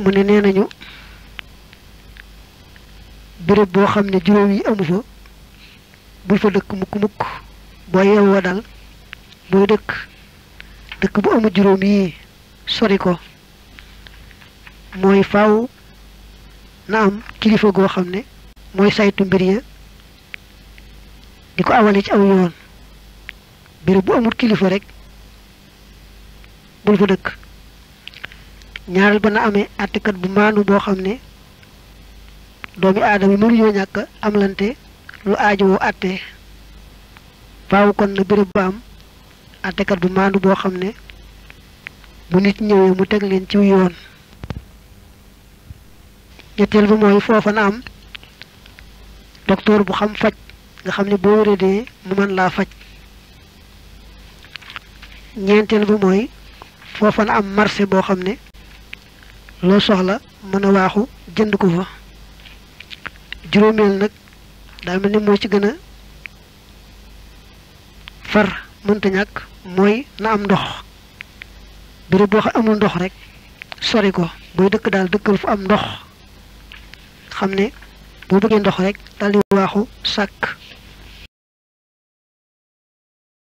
mu ne nee nañu béréb boo xam ne juróom yi amu fa bul fa dëkk mukk mukk boo yeewoo dal booy dëkk dëkk bu amu juróom yi sori ko mooy faw na am kilifa goo xam ne mooy saytu mbir ya di ko awale ci aw yoon béréb bu amul kilifa rek bul fa dëkk ñaareel ba na amee àttekat bu maanu boo xam ne doomi aadama mënuñoo ñàkk amlante lu aajowoo àtte faaw kon na béréb ba am àttekat bu maandu boo xam ne bu nit ñëwee mu teg leen ci yoon ñetteel bi mooy foofa na am docteur bu xam faj nga xam ne boo wéradee mu mën laa faj ñeenteel bi mooy foofa na am marché boo xam ne loo soxla mën a waaxu jënd ko fa juróomeel nag daal mel ni moo ci gën a far mënta ñàkk mooy na am ndox béréb boo xam amul ndox rek sori ko booy dëkk daal dëkkal fu am ndox xam ne boo bëggee ndox rek daal di waaxu sàkk